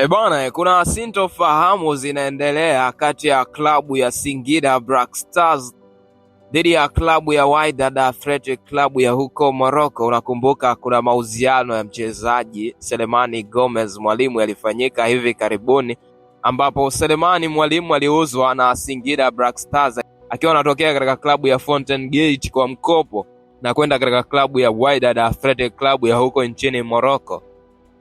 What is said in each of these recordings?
E bwana, kuna sintofahamu zinaendelea kati ya klabu ya Singida Black Stars dhidi ya klabu ya Wydad Athletic Club ya huko Morocco. Unakumbuka kuna mauziano ya mchezaji Selemani Gomez Mwalimu yalifanyika hivi karibuni, ambapo Selemani Mwalimu aliuzwa na Singida Black Stars akiwa anatokea katika klabu ya Fountain Gate kwa mkopo na kwenda katika klabu ya Wydad Athletic Club ya huko nchini Morocco.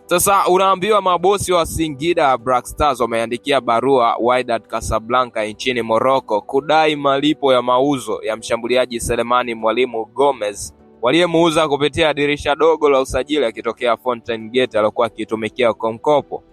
Sasa unaambiwa mabosi wa Singida Black Stars wameandikia barua Wydad Casablanca nchini Morocco kudai malipo ya mauzo ya mshambuliaji Selemani Mwalimu Gomez waliyemuuza kupitia dirisha dogo la usajili akitokea Fountain Gate aliyokuwa akitumikia kwa mkopo.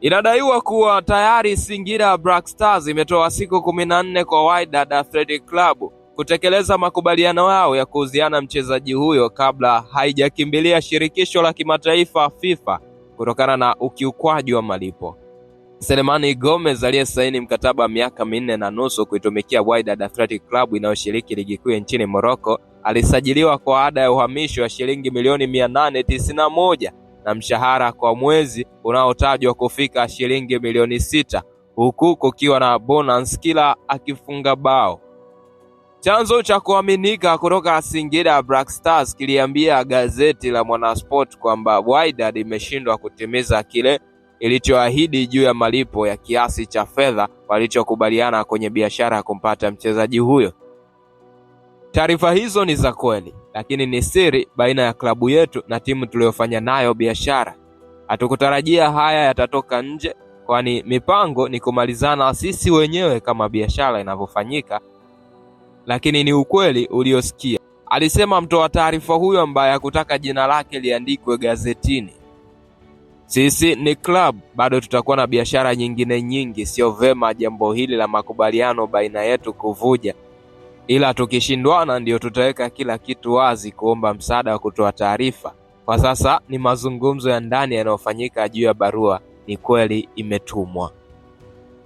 Inadaiwa kuwa tayari Singida Black Stars imetoa siku kumi na nne kwa Wydad Athletic Club kutekeleza makubaliano yao ya kuuziana mchezaji huyo kabla haijakimbilia shirikisho la kimataifa FIFA kutokana na ukiukwaji wa malipo. Selemani Gomez aliyesaini mkataba wa miaka minne na nusu kuitumikia Wydad Athletic Club inayoshiriki ligi kuu nchini Morocco alisajiliwa kwa ada ya uhamisho wa shilingi milioni 891 na mshahara kwa mwezi unaotajwa kufika shilingi milioni sita huku kukiwa na bonus kila akifunga bao. Chanzo cha kuaminika kutoka Singida Black Stars kiliambia gazeti la Mwanasport kwamba Wydad imeshindwa kutimiza kile ilichoahidi juu ya malipo ya kiasi cha fedha walichokubaliana kwenye biashara ya kumpata mchezaji huyo. Taarifa hizo ni za kweli, lakini ni siri baina ya klabu yetu na timu tuliyofanya nayo biashara. Hatukutarajia haya yatatoka nje, kwani mipango ni kumalizana sisi wenyewe kama biashara inavyofanyika lakini ni ukweli uliosikia, alisema mtoa taarifa huyo ambaye hakutaka jina lake liandikwe gazetini. Sisi ni club, bado tutakuwa na biashara nyingine nyingi. Sio vema jambo hili la makubaliano baina yetu kuvuja, ila tukishindwana ndio tutaweka kila kitu wazi, kuomba msaada wa kutoa taarifa. Kwa sasa ni mazungumzo ya ndani yanayofanyika juu ya barua, ni kweli imetumwa.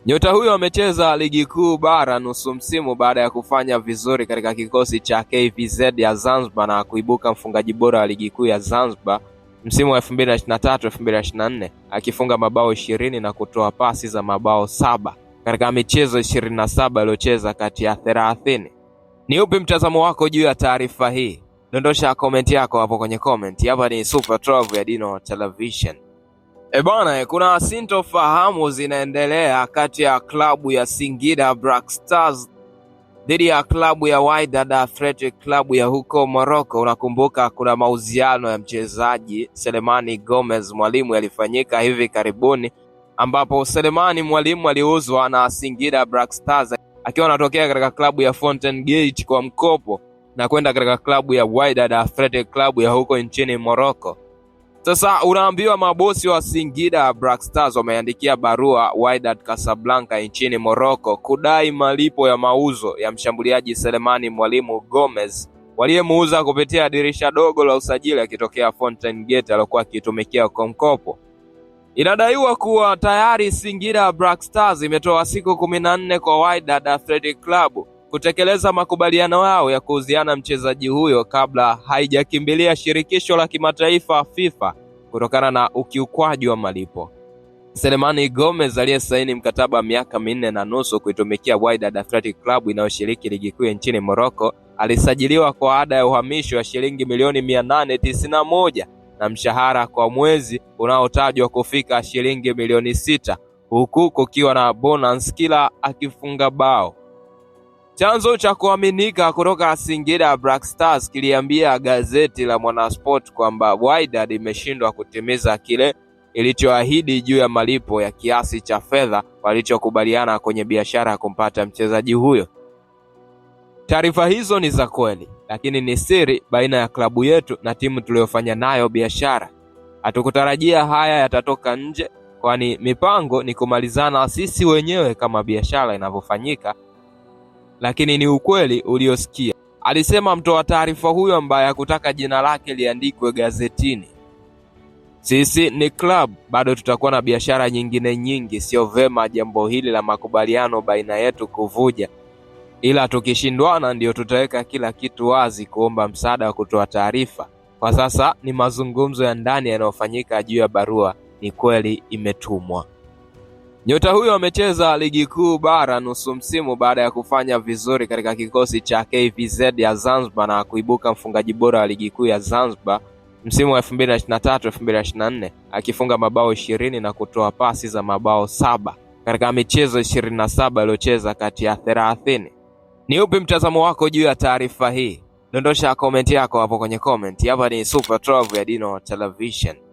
Nyota huyo amecheza Ligi Kuu Bara nusu msimu baada ya kufanya vizuri katika kikosi cha KVZ ya Zanzibar na kuibuka mfungaji bora wa Ligi Kuu ya Zanzibar msimu wa 2023-2024 akifunga mabao 20 na kutoa pasi za mabao saba katika michezo 27 na iliyocheza kati ya 30. Ni upi mtazamo wako juu ya taarifa hii? Dondosha komenti yako hapo kwenye comment. Hapa ni Super 12 ya Dino Television. E bwana, kuna sintofahamu zinaendelea kati ya klabu ya Singida Black Stars dhidi ya klabu ya Wydad Athletic Club ya huko Morocco. Unakumbuka kuna mauziano ya mchezaji Selemani Gomez Mwalimu yalifanyika hivi karibuni, ambapo Selemani Mwalimu aliuzwa na Singida Black Stars akiwa anatokea katika klabu ya Fountain Gate kwa mkopo na kwenda katika klabu ya Wydad Athletic Club ya huko nchini Morocco. Sasa unaambiwa mabosi wa Singida Black Stars wameandikia barua Wydad Casablanca nchini Morocco kudai malipo ya mauzo ya mshambuliaji Selemani Mwalimu Gomez waliyemuuza kupitia dirisha dogo la usajili akitokea Fountain Gate aliokuwa akitumikia kwa mkopo. Inadaiwa kuwa tayari Singida Black Stars imetoa siku 14 kwa Wydad Athletic Club kutekeleza makubaliano yao ya kuuziana mchezaji huyo kabla haijakimbilia shirikisho la kimataifa FIFA kutokana na ukiukwaji wa malipo. Selemani Gomez aliyesaini mkataba wa miaka minne na nusu kuitumikia Wydad Athletic Club inayoshiriki ligi kuu nchini Morocco alisajiliwa kwa ada ya uhamisho wa shilingi milioni 891 na mshahara kwa mwezi unaotajwa kufika shilingi milioni sita huku kukiwa na bonus kila akifunga bao. Chanzo cha kuaminika kutoka Singida Black Stars kiliambia gazeti la Mwanasport kwamba Wydad imeshindwa kutimiza kile ilichoahidi juu ya malipo ya kiasi cha fedha walichokubaliana kwenye biashara ya kumpata mchezaji huyo. Taarifa hizo ni za kweli, lakini ni siri baina ya klabu yetu na timu tuliyofanya nayo biashara. Hatukutarajia haya yatatoka nje, kwani mipango ni kumalizana sisi wenyewe kama biashara inavyofanyika lakini ni ukweli uliosikia, alisema mtoa taarifa huyo ambaye hakutaka jina lake liandikwe gazetini. Sisi ni club, bado tutakuwa na biashara nyingine nyingi. Sio vema jambo hili la makubaliano baina yetu kuvuja, ila tukishindwana ndio tutaweka kila kitu wazi, kuomba msaada wa kutoa taarifa. Kwa sasa ni mazungumzo ya ndani yanayofanyika juu ya barua ni kweli imetumwa. Nyota huyo amecheza Ligi Kuu Bara nusu msimu baada ya kufanya vizuri katika kikosi cha KVZ ya Zanzibar na kuibuka mfungaji bora wa Ligi Kuu ya Zanzibar msimu wa 2023-2024 akifunga mabao 20 na kutoa pasi za mabao saba katika michezo 27 na iliyocheza kati ya 30. Ni upi mtazamo wako juu ya taarifa hii? Dondosha komenti yako hapo kwenye comment. Hapa ni Super 12 ya Dino Television.